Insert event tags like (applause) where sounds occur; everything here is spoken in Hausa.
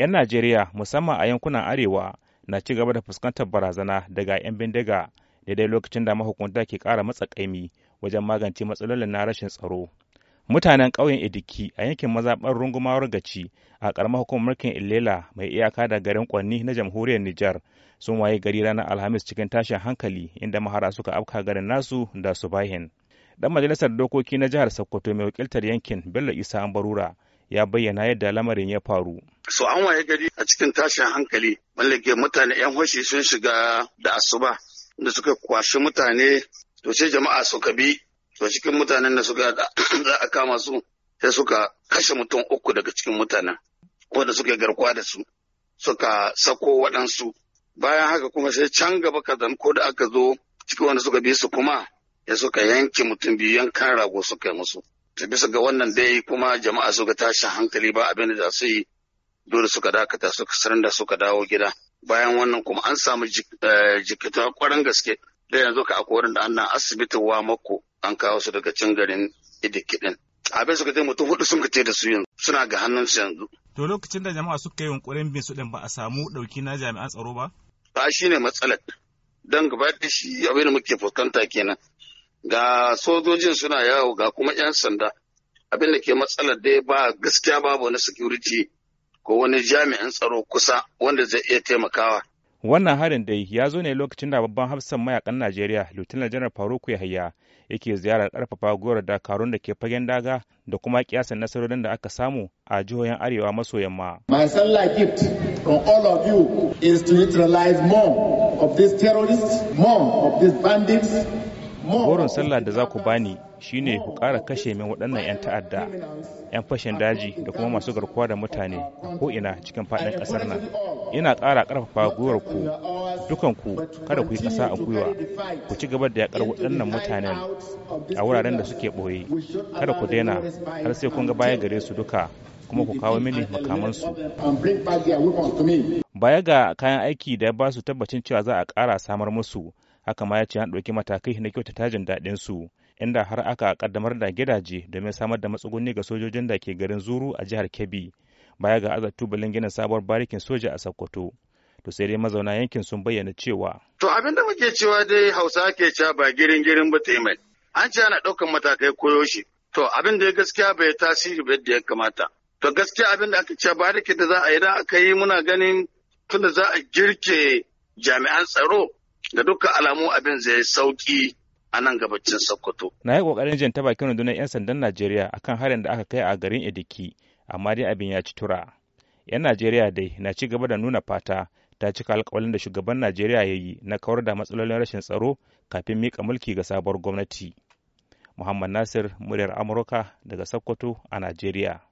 'Yan Najeriya musamman a yankunan Arewa na ci gaba da fuskantar barazana daga 'yan bindiga daidai lokacin da mahukunta ke kara matsa kaimi wajen magance matsalolin na rashin tsaro. Mutanen ƙauyen Idiki a yankin mazaɓar rungumawar gaci a ƙaramar hukumar mulkin Ilela mai iyaka da garin Kwanni na jamhuriyar Nijar sun waye gari ranar Alhamis cikin tashin hankali inda mahara suka afka garin nasu da Subahin. Dan majalisar dokoki na jihar Sokoto mai wakiltar yankin Bello Isa Ambarura ya bayyana yadda lamarin ya faru. So an waye gari a cikin tashin hankali mallake mutane 'yan hoshi sun shiga da asuba da suka kwashi mutane to sai jama'a suka bi to cikin mutanen da suka (clears throat) za a kama su sai suka kashe mutum uku daga cikin mutanen wanda suka garkuwa da su suka sako waɗansu bayan haka kuma sai can gaba ka zan ko da aka zo cikin wanda suka bi su kuma ya suka yanke mutum biyu yankan rago suka yi musu bisa ga wannan dai kuma jama'a su ga tashin hankali ba abin da su yi dole suka dakata suka da suka dawo gida bayan wannan kuma an samu eh, jikita kwarin gaske da yanzu ka akwai wurin da an asibitin wa mako an kawo su daga can garin idikidin abin suka ce mutum hudu sun kace da su yanzu suna ga hannunsu yanzu to lokacin da jama'a suka yi yunkurin bin su din ba a samu dauki na jami'an tsaro ba ba shine matsalar dan gaba da shi abin da muke fuskanta kenan ga sojojin suna yawo ga kuma 'yan sanda abinda ke matsalar dai ba gaskiya babu na security ko wani jami'in tsaro kusa wanda zai iya taimakawa. Wannan harin dai ya zo ne lokacin da babban hafsan mayakan Najeriya Lieutenant General Faruku Yahaya yake ziyarar karfafa gwiwar dakarun da ke fagen daga da kuma kiyasan nasarorin da aka samu a jihohin Arewa maso yamma. My sallah gift from all of you is to neutralize more of these terrorists, more of these bandits, burin sallah da za ku bani shine ku ƙara kashe min waɗannan 'yan ta'adda 'yan fashin daji da kuma masu garkuwa da mutane ko ina cikin faɗin ƙasar nan ina ƙara ƙarfafa gwiwar ku dukanku kada ku yi ƙasa a gwiwa ku ci gaba da yaƙar waɗannan mutanen a wuraren da suke ɓoye kada ku daina har sai kun ga baya gare su duka kuma ku kawo mini makamansu baya ga kayan aiki da ya ba su tabbacin cewa za a ƙara samar musu haka ma ya ce an ɗauki matakai na kyautata tajin daɗin su inda har aka kaddamar da gidaje domin samar da matsuguni ga sojojin da ke garin zuru a jihar kebbi baya ga azatu tubalin ginin sabuwar barikin soja a sokoto to sai dai mazauna yankin sun bayyana cewa to abin da muke cewa dai hausa ke cewa ba girin girin ba ta mai an ce ana ɗaukan matakai koyo shi to abin da gaskiya bai tasiri ba yadda ya kamata to gaskiya abin da aka ce barikin da za a yi da aka yi muna ganin tunda za a girke jami'an tsaro da dukkan alamu abin zai sauki a nan gabacin Sokoto. Na yi kokarin jin ta bakin rundunar 'yan sandan Najeriya akan harin da aka kai a garin Ediki, amma dai abin ya ci tura. 'Yan Najeriya dai na ci gaba da nuna fata ta cika alkawalin da shugaban Najeriya ya yi na kawar da matsalolin rashin tsaro kafin mika mulki ga sabuwar gwamnati. Muhammad Nasir, muryar Amurka daga Sokoto a Najeriya.